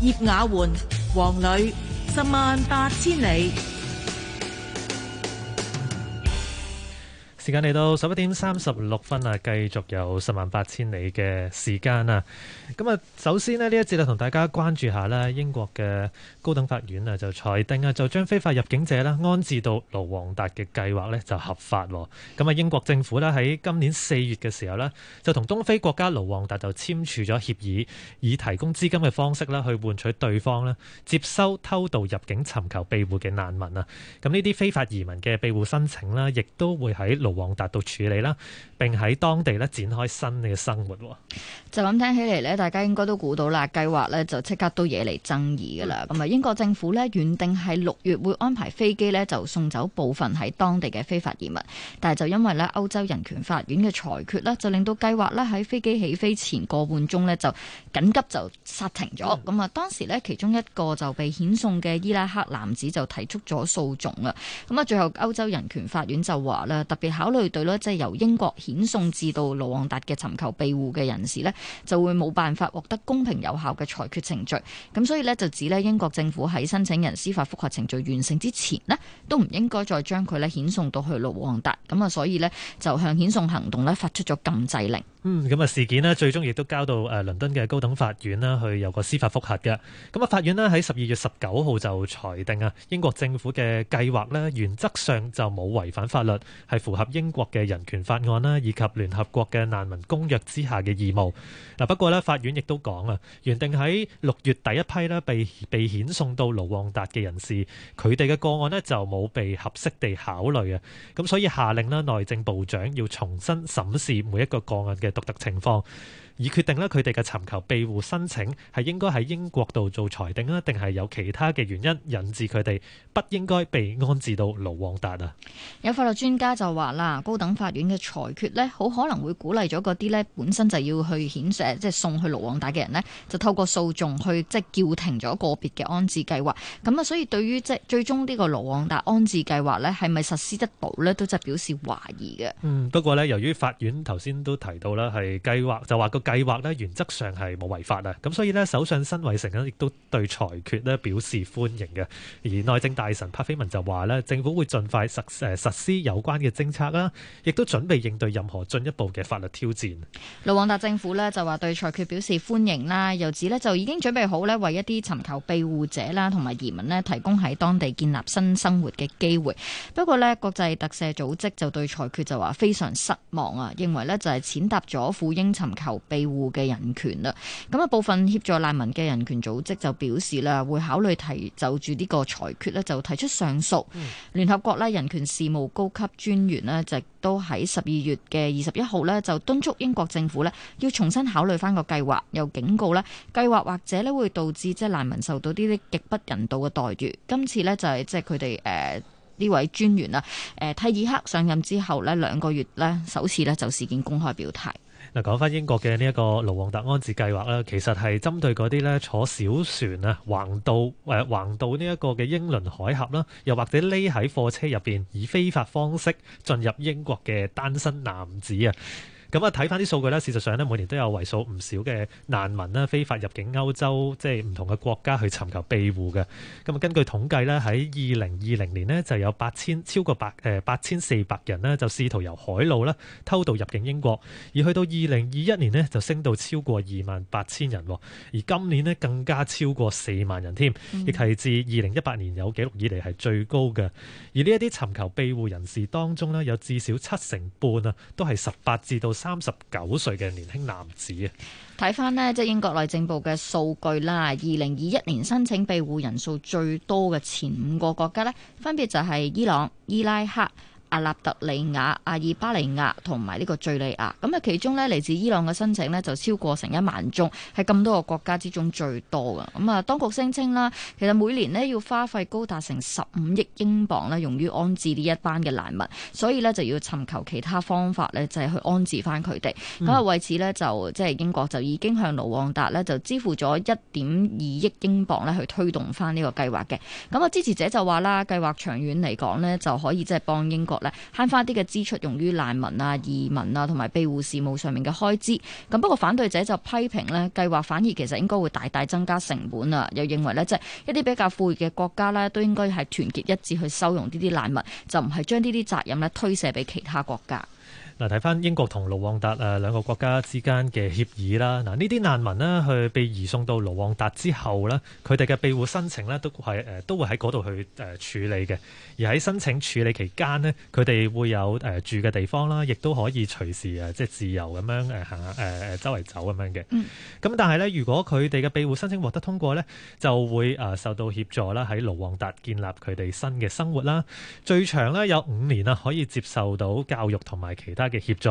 葉雅媛、黃磊，十萬八千里。時間嚟到十一點三十六分啊，繼續有十萬八千里嘅時間啊。咁啊，首先呢，呢一節就同大家關注下啦，英國嘅高等法院啊就裁定啊，就將非法入境者呢安置到盧旺達嘅計劃呢就合法喎。咁啊，英國政府呢喺今年四月嘅時候呢，就同東非國家盧旺達就簽署咗協議，以提供資金嘅方式咧去換取對方咧接收偷渡入境尋求庇護嘅難民啊。咁呢啲非法移民嘅庇護申請咧，亦都會喺盧往達度處理啦，並喺當地呢展開新嘅生活。就咁聽起嚟呢，大家應該都估到啦，計劃呢就即刻都惹嚟爭議噶啦。咁啊，英國政府呢，原定喺六月會安排飛機呢，就送走部分喺當地嘅非法移民，但係就因為呢，歐洲人權法院嘅裁決呢，就令到計劃呢喺飛機起飛前個半鐘呢，就緊急就煞停咗。咁啊、嗯，當時呢，其中一個就被遣送嘅伊拉克男子就提出咗訴訟啦。咁啊，最後歐洲人權法院就話呢，特別考考慮到咯，即係由英國遣送至到盧旺達嘅尋求庇護嘅人士咧，就會冇辦法獲得公平有效嘅裁決程序。咁所以呢，就指咧英國政府喺申請人司法複核程序完成之前咧，都唔應該再將佢咧遣送到去盧旺達。咁啊，所以呢，就向遣送行動咧發出咗禁制令。嗯，咁啊事件呢，最終亦都交到誒倫敦嘅高等法院啦去有個司法複核嘅。咁啊法院呢，喺十二月十九號就裁定啊英國政府嘅計劃咧原則上就冇違反法律，係符合。英國嘅人權法案啦，以及聯合國嘅難民公約之下嘅義務。嗱，不過咧，法院亦都講啊，原定喺六月第一批咧被被遣送到盧旺達嘅人士，佢哋嘅個案咧就冇被合適地考慮啊。咁所以下令咧，內政部長要重新審視每一個個案嘅獨特情況。以決定咧佢哋嘅尋求庇護申請係應該喺英國度做裁定啦，定係有其他嘅原因引致佢哋不應該被安置到盧旺達啊？有法律專家就話啦，高等法院嘅裁決咧，好可能會鼓勵咗嗰啲咧本身就要去遣送，即係送去盧旺達嘅人咧，就透過訴訟去即係叫停咗個別嘅安置計劃。咁啊，所以對於即係最終呢個盧旺達安置計劃咧，係咪實施得到咧，都即係表示懷疑嘅。嗯，不過呢，由於法院頭先都提到啦，係計劃就話個。計劃咧原則上係冇違法啊，咁所以呢，首相辛偉誠呢亦都對裁決咧表示歡迎嘅。而內政大臣帕菲文就話呢，政府會盡快實誒實施有關嘅政策啦，亦都準備應對任何進一步嘅法律挑戰。盧旺達政府呢就話對裁決表示歡迎啦，又指呢就已經準備好呢為一啲尋求庇護者啦同埋移民呢提供喺當地建立新生活嘅機會。不過呢，國際特赦組織就對裁決就話非常失望啊，認為呢就係踐踏咗赴英尋求庇。庇護嘅人權啦，咁啊，部分協助難民嘅人權組織就表示啦，會考慮提就住呢個裁決咧，就提出上訴。聯、嗯、合國咧人權事務高級專員呢就都喺十二月嘅二十一號呢就敦促英國政府呢要重新考慮翻個計劃，又警告咧計劃或者呢會導致即係難民受到呢啲極不人道嘅待遇。今次呢就係即係佢哋誒呢位專員啦，誒蒂爾克上任之後呢兩個月呢首次呢就事件公開表態。嗱，講翻英國嘅呢一個盧旺達安置計劃啦，其實係針對嗰啲咧坐小船啊、橫渡誒、橫渡呢一個嘅英倫海峽啦，又或者匿喺貨車入邊以非法方式進入英國嘅單身男子啊。咁啊，睇翻啲數據咧，事實上咧，每年都有為數唔少嘅難民啦，非法入境歐洲，即係唔同嘅國家去尋求庇護嘅。咁啊，根據統計咧，喺二零二零年咧就有八千超過八誒八千四百人咧就試圖由海路咧偷渡入境英國，而去到二零二一年咧就升到超過二萬八千人，而今年咧更加超過四萬人添，亦係自二零一八年有記錄以嚟係最高嘅。而呢一啲尋求庇護人士當中咧，有至少七成半啊都係十八至到。三十九歲嘅年輕男子啊！睇返咧，即係英國內政部嘅數據啦，二零二一年申請庇護人數最多嘅前五個國家咧，分別就係伊朗、伊拉克、阿納特利亞、阿爾巴尼亞同埋呢個敘利亞，咁啊其中咧嚟自伊朗嘅申請咧就超過成一萬宗，係咁多個國家之中最多噶。咁啊，當局聲稱啦，其實每年要花費高達成十五億英鎊咧，用於安置呢一班嘅難民，所以呢，就要尋求其他方法咧就係去安置翻佢哋。咁啊，為此呢，就即係英國就已經向盧旺達咧就支付咗一點二億英鎊咧去推動翻呢個計劃嘅。咁啊，支持者就話啦，計劃長遠嚟講咧就可以即係幫英國。咧慳翻啲嘅支出，用於難民啊、移民啊同埋庇護事務上面嘅開支。咁不過反對者就批評呢計劃反而其實應該會大大增加成本啦。又認為呢即係一啲比較富裕嘅國家咧，都應該係團結一致去收容呢啲難民，就唔係將呢啲責任咧推卸俾其他國家。嗱，睇翻英國同盧旺達誒兩個國家之間嘅協議啦。嗱，呢啲難民咧去被移送到盧旺達之後咧，佢哋嘅庇護申請咧都係誒都會喺嗰度去誒處理嘅。而喺申請處理期間咧，佢哋會有誒住嘅地方啦，亦都可以隨時誒即係自由咁樣誒行誒誒周圍走咁樣嘅。咁、嗯、但係咧，如果佢哋嘅庇護申請獲得通過咧，就會誒受到協助啦，喺盧旺達建立佢哋新嘅生活啦。最長咧有五年啊，可以接受到教育同埋其他。嘅協助，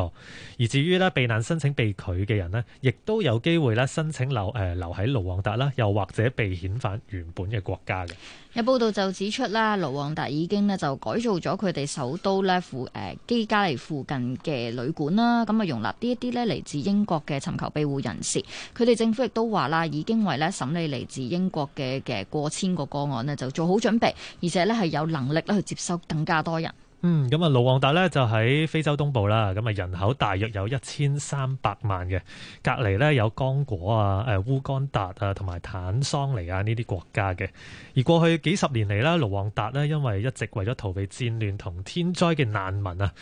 而至於咧避難申請被拒嘅人咧，亦都有機會咧申請留誒、呃、留喺盧旺達啦，又或者被遣返原本嘅國家嘅。有報道就指出啦，盧旺達已經咧就改造咗佢哋首都咧附誒基加利附近嘅旅館啦，咁啊容納呢一啲咧嚟自英國嘅尋求庇護人士。佢哋政府亦都話啦，已經為咧審理嚟自英國嘅嘅過千個個案咧就做好準備，而且咧係有能力咧去接收更加多人。嗯，咁啊盧旺達咧就喺非洲東部啦，咁啊人口大約有一千三百萬嘅，隔籬呢有剛果啊、誒烏干達啊同埋坦桑尼亞呢啲國家嘅。而過去幾十年嚟啦，盧旺達呢因為一直為咗逃避戰亂同天災嘅難民啊，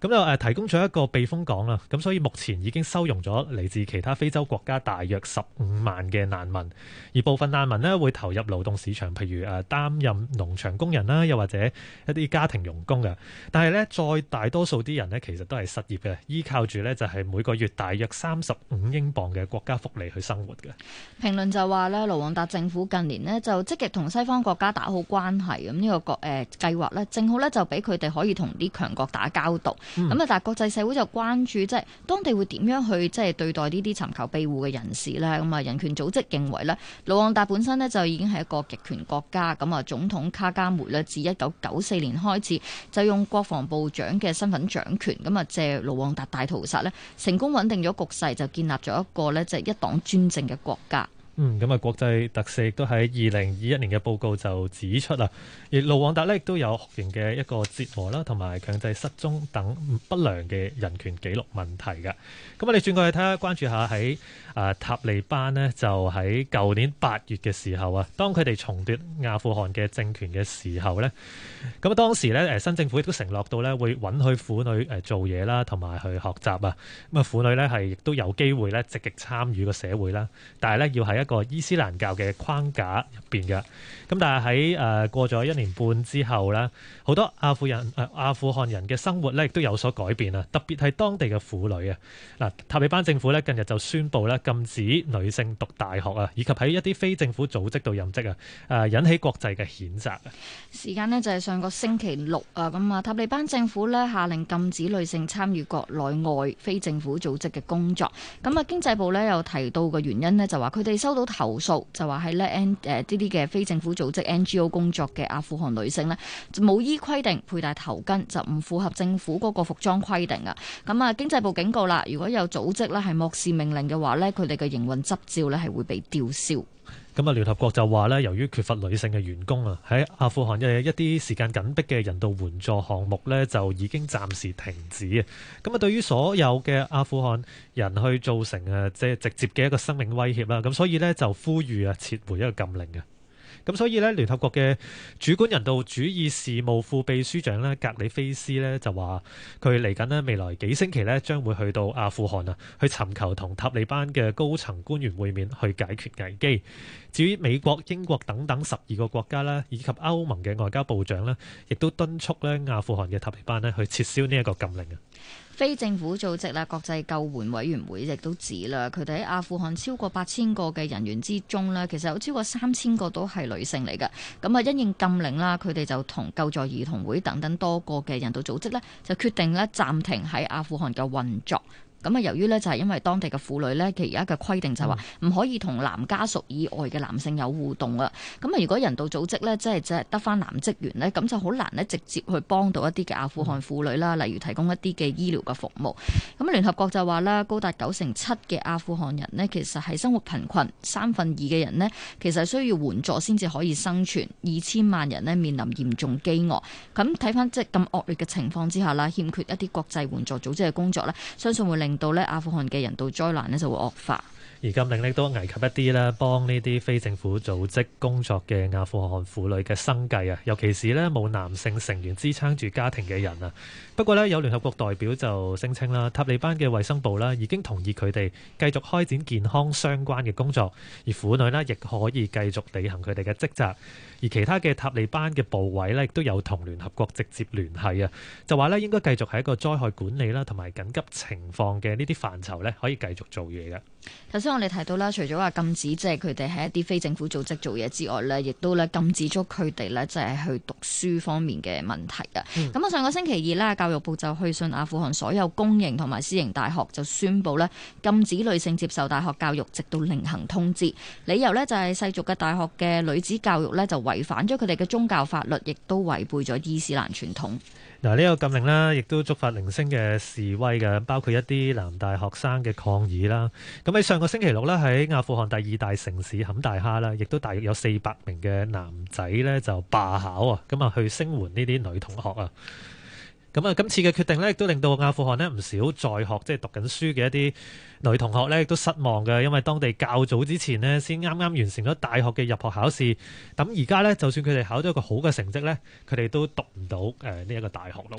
咁又誒提供咗一個避風港啦，咁所以目前已經收容咗嚟自其他非洲國家大約十五萬嘅難民，而部分難民呢會投入勞動市場，譬如誒擔任農場工人啦，又或者一啲家庭傭工嘅。但係咧，再大多數啲人呢，其實都係失業嘅，依靠住呢，就係、是、每個月大約三十五英鎊嘅國家福利去生活嘅。評論就話呢，盧旺達政府近年呢，就積極同西方國家打好關係，咁、這、呢個國誒計劃呢，正好呢，就俾佢哋可以同啲強國打交道。咁啊、嗯，但係國際社會就關注，即係當地會點樣去，即係對待呢啲尋求庇護嘅人士呢。咁、嗯、啊，人權組織認為呢，盧旺達本身呢，就已經係一個極權國家，咁、嗯、啊，總統卡加梅呢，自一九九四年開始就用國防部長嘅身份掌權，咁啊借盧旺達大屠殺咧，成功穩定咗局勢，就建立咗一個咧即係一黨專政嘅國家。嗯，咁啊，國際特赦亦都喺二零二一年嘅報告就指出啦，而盧旺達咧亦都有學員嘅一個折磨啦，同埋強制失蹤等不良嘅人權紀錄問題嘅。咁我哋轉過去睇下，關注下喺啊塔利班咧，就喺舊年八月嘅時候啊，當佢哋重奪阿富汗嘅政權嘅時候咧，咁啊當時咧誒新政府亦都承諾到咧會允許婦女誒做嘢啦，同埋去學習啊，咁啊婦女咧係亦都有機會咧積極參與個社會啦，但係咧要係一個伊斯蘭教嘅框架入邊嘅，咁但係喺誒過咗一年半之後咧，好多阿富人，誒阿富汗人嘅生活咧亦都有所改變啊！特別係當地嘅婦女啊，嗱，塔利班政府咧近日就宣布咧禁止女性讀大學啊，以及喺一啲非政府組織度任職啊，誒引起國際嘅譴責啊！時間呢就係上個星期六啊，咁啊，塔利班政府咧下令禁止女性參與國內外非政府組織嘅工作。咁啊，經濟部咧有提到嘅原因呢，就話佢哋收都投訴就話喺咧 n 誒呢啲嘅非政府組織 NGO 工作嘅阿富汗女性呢，就冇依規定佩戴頭巾，就唔符合政府嗰個服裝規定啊。咁啊，經濟部警告啦，如果有組織呢係漠視命令嘅話呢，佢哋嘅營運執照呢係會被吊銷。咁啊，聯合國就話咧，由於缺乏女性嘅員工啊，喺阿富汗嘅一啲時間緊迫嘅人道援助項目咧，就已經暫時停止。咁啊，對於所有嘅阿富汗人去造成啊，即係直接嘅一個生命威脅啦。咁所以咧，就呼籲啊，撤回一個禁令嘅。咁所以咧，聯合國嘅主管人道主義事務副秘書長，咧，格里菲斯咧就話，佢嚟緊，咧，未來幾星期咧，將會去到阿富汗啊，去尋求同塔利班嘅高層官員會面，去解決危機。至於美國、英國等等十二個國家咧，以及歐盟嘅外交部長，咧，亦都敦促咧阿富汗嘅塔利班咧，去撤銷呢一個禁令啊。非政府組織啦，國際救援委員會亦都指啦，佢哋喺阿富汗超過八千個嘅人員之中咧，其實有超過三千個都係女性嚟㗎。咁啊，因應禁令啦，佢哋就同救助兒童會等等多個嘅人道組織咧，就決定咧暫停喺阿富汗嘅運作。咁啊，由於咧就係因為當地嘅婦女咧，佢而家嘅規定就話唔可以同男家屬以外嘅男性有互動啊。咁啊，如果人道組織咧，即係只係得翻男職員咧，咁就好難咧直接去幫到一啲嘅阿富汗婦女啦，例如提供一啲嘅醫療嘅服務。咁聯合國就話咧，高達九成七嘅阿富汗人咧，其實係生活貧困，三分二嘅人咧，其實需要援助先至可以生存，二千萬人咧面臨嚴重飢餓。咁睇翻即係咁惡劣嘅情況之下啦，欠缺一啲國際援助組織嘅工作咧，相信會令。令到咧阿富汗嘅人道災難咧就會惡化。而今令咧都危及一啲咧幫呢啲非政府組織工作嘅阿富汗婦女嘅生計啊，尤其是咧冇男性成員支撐住家庭嘅人啊。不過咧，有聯合國代表就聲稱啦，塔利班嘅衛生部咧已經同意佢哋繼續開展健康相關嘅工作，而婦女咧亦可以繼續履行佢哋嘅職責，而其他嘅塔利班嘅部委咧，亦都有同聯合國直接聯繫啊。就話咧應該繼續喺一個災害管理啦，同埋緊急情況嘅呢啲範疇咧，可以繼續做嘢嘅。當你提到啦，除咗話禁止即係佢哋喺一啲非政府組織做嘢之外咧，亦都咧禁止咗佢哋咧，就係去讀書方面嘅問題嘅。咁啊、嗯，上個星期二咧，教育部就去信阿富汗所有公營同埋私營大學，就宣布咧禁止女性接受大學教育，直到另行通知。理由咧就係世俗嘅大學嘅女子教育咧就違反咗佢哋嘅宗教法律，亦都違背咗伊斯蘭傳統。嗱，呢個禁令呢，亦都觸發零星嘅示威嘅，包括一啲男大學生嘅抗議啦。咁喺上個星期六呢，喺阿富汗第二大城市坎大哈啦，亦都大約有四百名嘅男仔呢就罷考啊，咁啊去聲援呢啲女同學啊。咁啊，今次嘅決定呢，亦都令到阿富汗呢唔少在學即係、就是、讀緊書嘅一啲。女同學咧亦都失望嘅，因為當地較早之前咧先啱啱完成咗大學嘅入學考試，咁而家咧就算佢哋考咗一個好嘅成績呢，佢哋都讀唔到誒呢一個大學咯。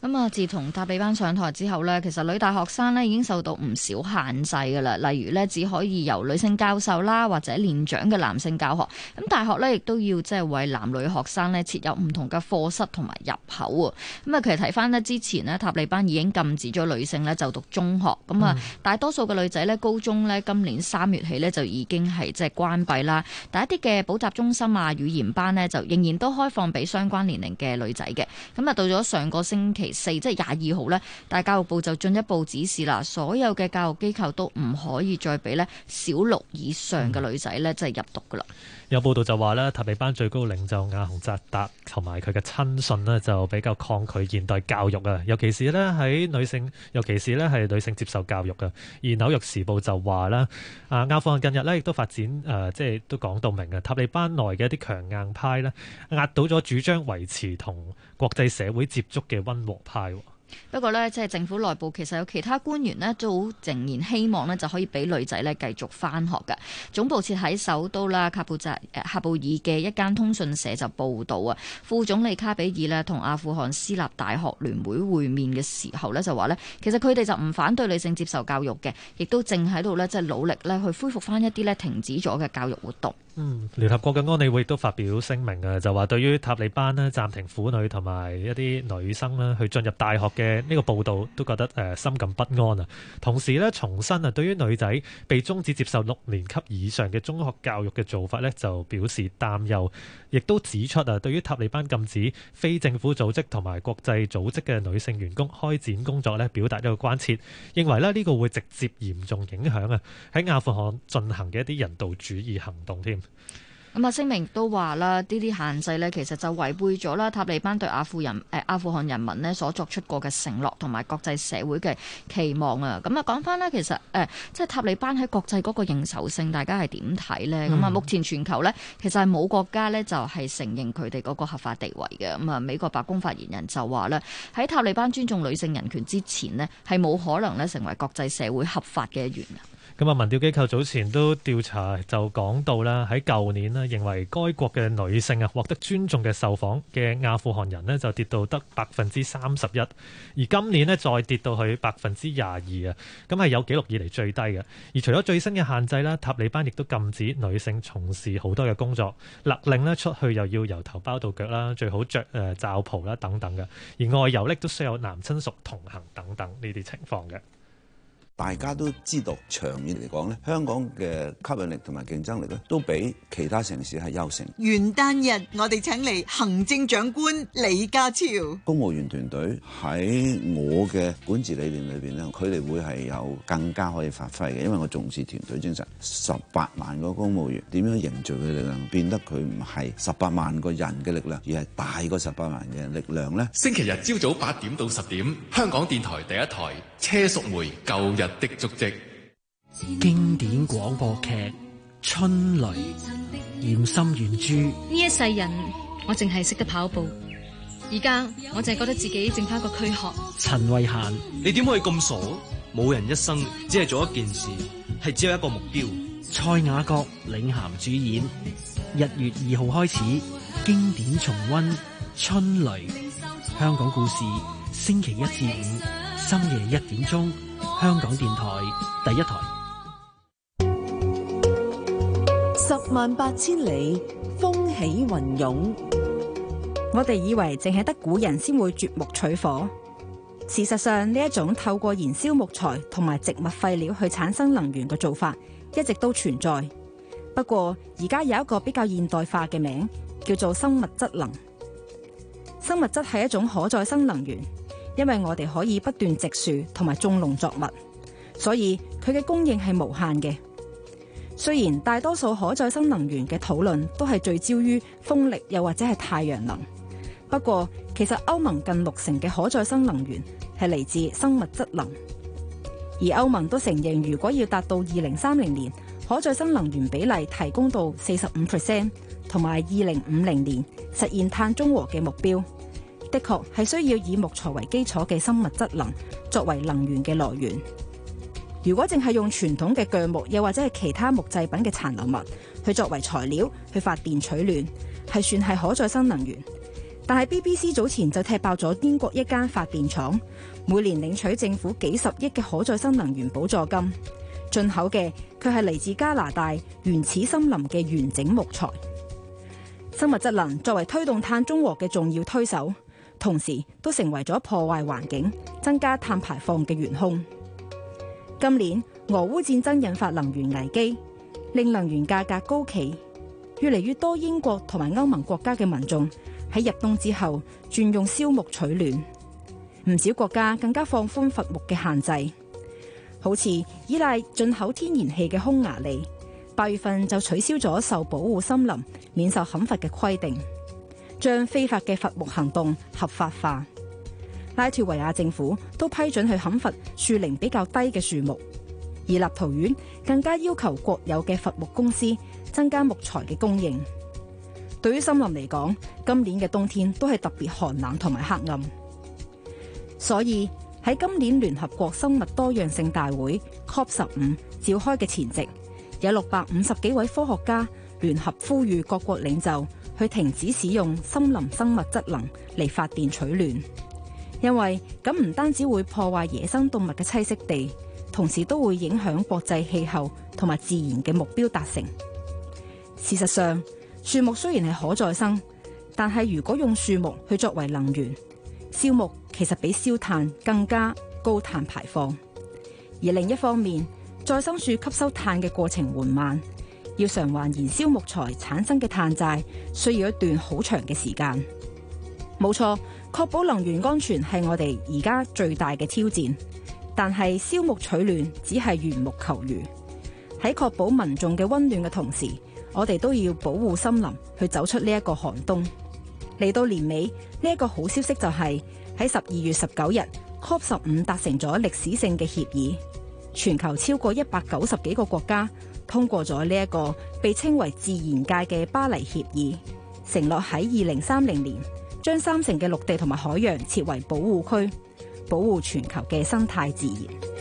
咁啊，自從塔利班上台之後呢，其實女大學生咧已經受到唔少限制嘅啦，例如呢，只可以由女性教授啦，或者年長嘅男性教學。咁大學呢，亦都要即係為男女學生呢設有唔同嘅課室同埋入口啊。咁啊，其實睇翻呢之前呢，塔利班已經禁止咗女性呢就讀中學，咁啊大多數嘅女仔咧，高中咧今年三月起咧就已經係即係關閉啦，但一啲嘅補習中心啊、語言班呢，就仍然都開放俾相關年齡嘅女仔嘅。咁啊，到咗上個星期四，即係廿二號呢，但係教育部就進一步指示啦，所有嘅教育機構都唔可以再俾咧小六以上嘅女仔咧即係入讀噶啦。有報道就話咧，塔利班最高領袖阿洪扎達同埋佢嘅親信呢，就比較抗拒現代教育啊，尤其是咧喺女性，尤其是咧係女性接受教育噶。而紐約時報就話啦，啊，阿富汗近日咧亦都發展、呃、即係都講到明啊，塔利班內嘅一啲強硬派咧，壓倒咗主張維持同國際社會接觸嘅溫和派。不過咧，即係政府內部其實有其他官員咧，都好仍然希望咧，就可以俾女仔咧繼續翻學嘅。總部設喺首都啦，喀布扎喀布爾嘅一間通訊社就報道啊，副總理卡比爾咧同阿富汗私立大學聯會會面嘅時候咧，就話咧，其實佢哋就唔反對女性接受教育嘅，亦都正喺度咧，即係努力咧去恢復翻一啲咧停止咗嘅教育活動。嗯，聯合國嘅安理會亦都發表聲明啊，就話對於塔利班咧暫停婦女同埋一啲女生咧去進入大學嘅呢個報導，都覺得誒、呃、深感不安啊。同時咧，重申啊對於女仔被終止接受六年級以上嘅中學教育嘅做法咧，就表示擔憂，亦都指出啊，對於塔利班禁止非政府組織同埋國際組織嘅女性員工開展工作咧，表達一個關切，認為咧呢個會直接嚴重影響啊喺阿富汗進行嘅一啲人道主義行動添。咁啊，聲明都話啦，呢啲限制咧，其實就違背咗啦，塔利班對阿富人誒阿富汗人民咧所作出過嘅承諾同埋國際社會嘅期望啊！咁啊，講翻呢，其實誒，即係塔利班喺國際嗰個認受性，大家係點睇呢？咁啊、嗯，目前全球呢，其實係冇國家呢就係承認佢哋嗰個合法地位嘅。咁啊，美國白宮發言人就話呢，喺塔利班尊重女性人權之前呢，係冇可能咧成為國際社會合法嘅一員。咁啊，民調機構早前都調查就講到啦，喺舊年咧，認為該國嘅女性啊獲得尊重嘅受訪嘅阿富汗人呢就跌到得百分之三十一，而今年呢再跌到去百分之廿二啊，咁係有記錄以嚟最低嘅。而除咗最新嘅限制啦，塔利班亦都禁止女性從事好多嘅工作，勒令呢出去又要由頭包到腳啦，最好着、呃、罩袍啦等等嘅，而外遊咧都需要男親屬同行等等呢啲情況嘅。大家都知道，長遠嚟講咧，香港嘅吸引力同埋競爭力咧，都比其他城市係優勝。元旦日，我哋請嚟行政長官李家超。公務員團隊喺我嘅管治理念裏邊咧，佢哋會係有更加可以發揮嘅，因為我重視團隊精神。十八萬個公務員點樣凝聚佢力量，變得佢唔係十八萬個人嘅力量，而係大過十八萬嘅力量咧。星期日朝早八點到十點，香港電台第一台車淑梅，舊日的足跡，迪迪經典廣播劇《春雷》，嚴沁原著。呢一世人，我淨係識得跑步。而家我淨係覺得自己淨翻個軀殼。陳慧嫻，你點可以咁傻？冇人一生只係做一件事，係只有一個目標。蔡雅閣領銜主演，一月二號開始經典重溫《春雷》。香港故事，星期一至五。深夜一點鐘，香港電台第一台。十萬八千里，風起雲湧。我哋以為淨係得古人先會鑽木取火，事實上呢一種透過燃燒木材同埋植物廢料去產生能源嘅做法，一直都存在。不過而家有一個比較現代化嘅名，叫做生物質能。生物質係一種可再生能源。因為我哋可以不斷植樹同埋種農作物，所以佢嘅供應係無限嘅。雖然大多數可再生能源嘅討論都係聚焦於風力又或者係太陽能，不過其實歐盟近六成嘅可再生能源係嚟自生物質能。而歐盟都承認，如果要達到二零三零年可再生能源比例提供到四十五 percent，同埋二零五零年實現碳中和嘅目標。的確係需要以木材為基礎嘅生物質能作為能源嘅來源。如果淨係用傳統嘅鋸木，又或者係其他木製品嘅殘留物去作為材料去發電取暖，係算係可再生能源。但係 BBC 早前就踢爆咗英國一間發電廠，每年領取政府幾十億嘅可再生能源補助金，進口嘅佢係嚟自加拿大原始森林嘅完整木材。生物質能作為推動碳中和嘅重要推手，同時，都成為咗破壞環境、增加碳排放嘅元兇。今年俄烏戰爭引發能源危機，令能源價格高企，越嚟越多英國同埋歐盟國家嘅民眾喺入冬之後轉用燒木取暖。唔少國家更加放寬伐木嘅限制，好似依賴進口天然氣嘅匈牙利，八月份就取消咗受保護森林免受砍伐嘅規定。將非法嘅伐木行動合法化。拉脫維亞政府都批准去砍伐樹齡比較低嘅樹木，而立陶宛更加要求國有嘅伐木公司增加木材嘅供應。對於森林嚟講，今年嘅冬天都係特別寒冷同埋黑暗，所以喺今年聯合國生物多樣性大會 （COP 15） 召開嘅前夕，有六百五十幾位科學家聯合呼籲各國領袖。佢停止使用森林生物質能嚟發電取暖，因為咁唔單止會破壞野生動物嘅棲息地，同時都會影響國際氣候同埋自然嘅目標達成。事實上，樹木雖然係可再生，但係如果用樹木去作為能源，燒木其實比燒炭更加高碳排放。而另一方面，再生樹吸收碳嘅過程緩慢。要償還燃燒木材產生嘅碳債，需要一段好長嘅時間。冇錯，確保能源安全係我哋而家最大嘅挑戰。但係燒木取暖只係緣木求魚。喺確保民眾嘅温暖嘅同時，我哋都要保護森林,去走出呢一個寒冬。嚟到年尾，呢、這、一個好消息就係喺十二月十九日，COP 十五達成咗歷史性嘅協議。全球超過一百九十幾個國家通過咗呢一個被稱為《自然界》嘅《巴黎協議》承諾在，承諾喺二零三零年將三成嘅陸地同埋海洋設為保護區，保護全球嘅生態自然。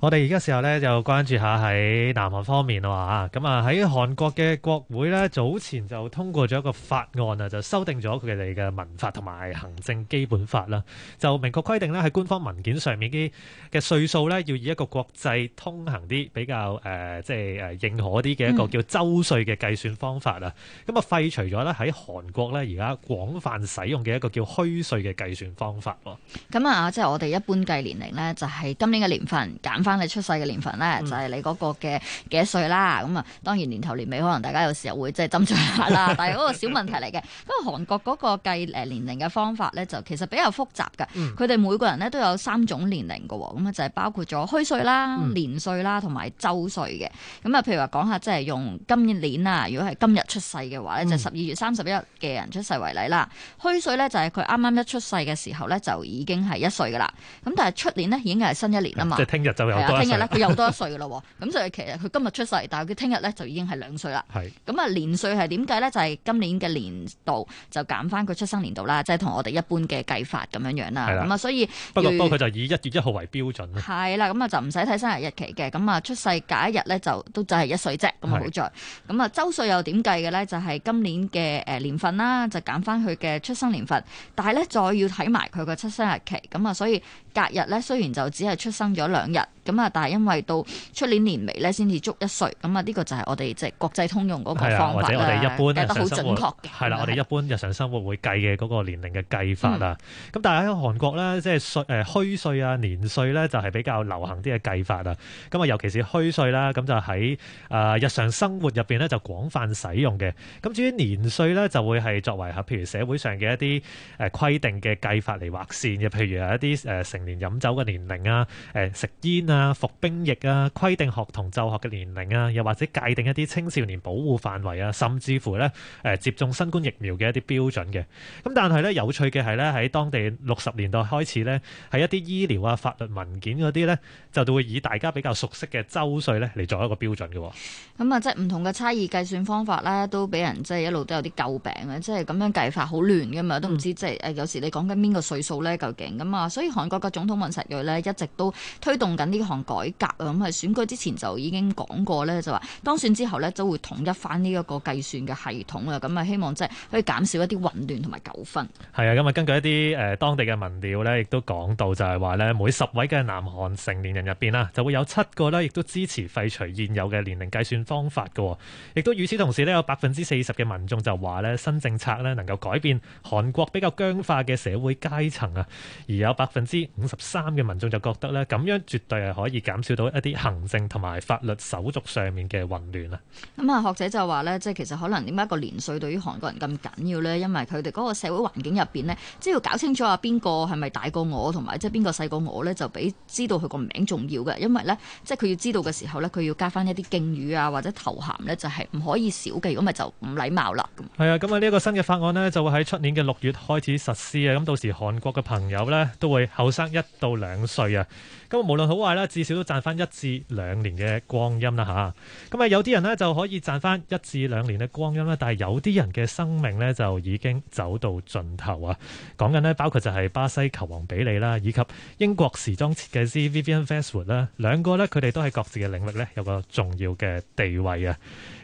我哋而家嘅時候咧，就關注下喺南韓方面啊，咁啊喺韓國嘅國會咧，早前就通過咗一個法案啊，就修訂咗佢哋嘅民法同埋行政基本法啦，就明確規定咧喺官方文件上面啲嘅歲數咧，要以一個國際通行啲比較誒、呃，即係誒認可啲嘅一個叫周歲嘅計算方法啊，咁啊廢除咗咧喺韓國咧而家廣泛使用嘅一個叫虛歲嘅計算方法喎，嗯。咁、嗯、啊，即係我哋一般計年齡咧，就係今年嘅年份減。翻你出世嘅年份咧，就係、是、你嗰個嘅幾多歲啦。咁啊，當然年頭年尾可能大家有時候會即係斟酌下啦，但係嗰個小問題嚟嘅。不過 韓國嗰個計年齡嘅方法咧，就其實比較複雜噶。佢哋、嗯、每個人咧都有三種年齡噶，咁就係、是、包括咗虛歲啦、嗯、年歲啦同埋周歲嘅。咁啊，譬如話講下即係用今年啊，如果係今日出世嘅話咧，就十、是、二月三十一日嘅人出世為例啦。嗯、虛歲咧就係佢啱啱一出世嘅時候咧，就已經係一歲噶啦。咁但係出年呢，已經係新一年喇嘛。即係聽日就係啊，聽日咧佢又多一歲㗎咯喎。咁就係其實佢今日出世，但係佢聽日咧就已經係兩歲啦。係。咁啊，年歲係點計咧？就係今年嘅年度就減翻佢出生年度啦，即係同我哋一般嘅計法咁樣樣啦。咁啊，所以不過不過佢就以一月一號為標準咧。係啦，咁啊就唔使睇生日日期嘅。咁啊出世隔一日咧就都就係一歲啫。咁好在。咁啊，週歲又點計嘅咧？就係今年嘅誒年份啦，就減翻佢嘅出生年份，但係咧再要睇埋佢嘅出生日期。咁啊，所以隔日咧雖然就只係出生咗兩日。咁啊，但係因為到出年年尾咧，先至足一歲，咁啊，呢個就係我哋即係國際通用嗰個方法，我哋一般得好準確嘅。係啦、啊，我哋一般日常生活會計嘅嗰個年齡嘅計法啊。咁、嗯、但係喺韓國咧，即係歲誒虛歲啊、年歲咧，就係比較流行啲嘅計法啊。咁啊，尤其是虛歲啦，咁就喺誒日常生活入邊咧，就廣泛使用嘅。咁至於年歲咧，就會係作為譬如社會上嘅一啲誒規定嘅計法嚟劃線嘅。譬如係一啲誒成年飲酒嘅年齡啊，誒食煙啊。啊，服兵役啊，規定學童就學嘅年齡啊，又或者界定一啲青少年保護範圍啊，甚至乎咧誒，接種新冠疫苗嘅一啲標準嘅。咁但係咧，有趣嘅係咧，喺當地六十年代開始咧，喺一啲醫療啊、法律文件嗰啲咧，就都會以大家比較熟悉嘅周歲咧嚟作為一個標準嘅。咁啊，即係唔同嘅差異計算方法咧，都俾人即係一路都有啲詬病啊，即係咁樣計法好亂噶嘛，都唔知即係誒有時你講緊邊個歲數咧究竟。咁啊，所以韓國嘅總統尹錫悅咧，一直都推動緊呢個項改革啊，咁啊選舉之前就已經講過咧，就話當選之後咧就會統一翻呢一個計算嘅系統啊，咁啊希望即係可以減少一啲混亂同埋糾紛，係啊，咁啊根據一啲誒當地嘅民調咧，亦都講到就係話咧，每十位嘅南韓成年人入邊啦，就會有七個咧，亦都支持廢除現有嘅年齡計算方法嘅，亦都與此同時咧，有百分之四十嘅民眾就話咧，新政策咧能夠改變韓國比較僵化嘅社會階層啊，而有百分之五十三嘅民眾就覺得咧，咁樣絕對係。可以減少到一啲行政同埋法律手續上面嘅混亂啊！咁啊，學者就話呢，即係其實可能點解個年歲對於韓國人咁緊要呢？因為佢哋嗰個社會環境入邊呢，只要搞清楚啊邊個係咪大過我，同埋即係邊個細過我呢，就比知道佢個名重要嘅。因為呢，即係佢要知道嘅時候呢，佢要加翻一啲敬語啊，或者頭銜呢，就係、是、唔可以少嘅。如果唔係就唔禮貌啦。係啊，咁啊呢一個新嘅法案呢，就會喺出年嘅六月開始實施啊。咁到時韓國嘅朋友呢，都會後生一到兩歲啊。咁無論好壞至少都賺翻一至兩年嘅光陰啦吓，咁啊有啲人呢，就可以賺翻一至兩年嘅光陰啦，但係有啲人嘅生命呢，就已經走到盡頭啊！講緊呢，包括就係巴西球王比利啦，以及英國時裝設計師 Vivienne Westwood 啦，兩個呢，佢哋都係各自嘅領域呢，有個重要嘅地位啊！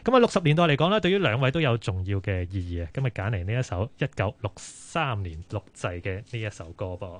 咁啊六十年代嚟講呢，對於兩位都有重要嘅意義啊！今日揀嚟呢一首一九六三年錄製嘅呢一首歌噃。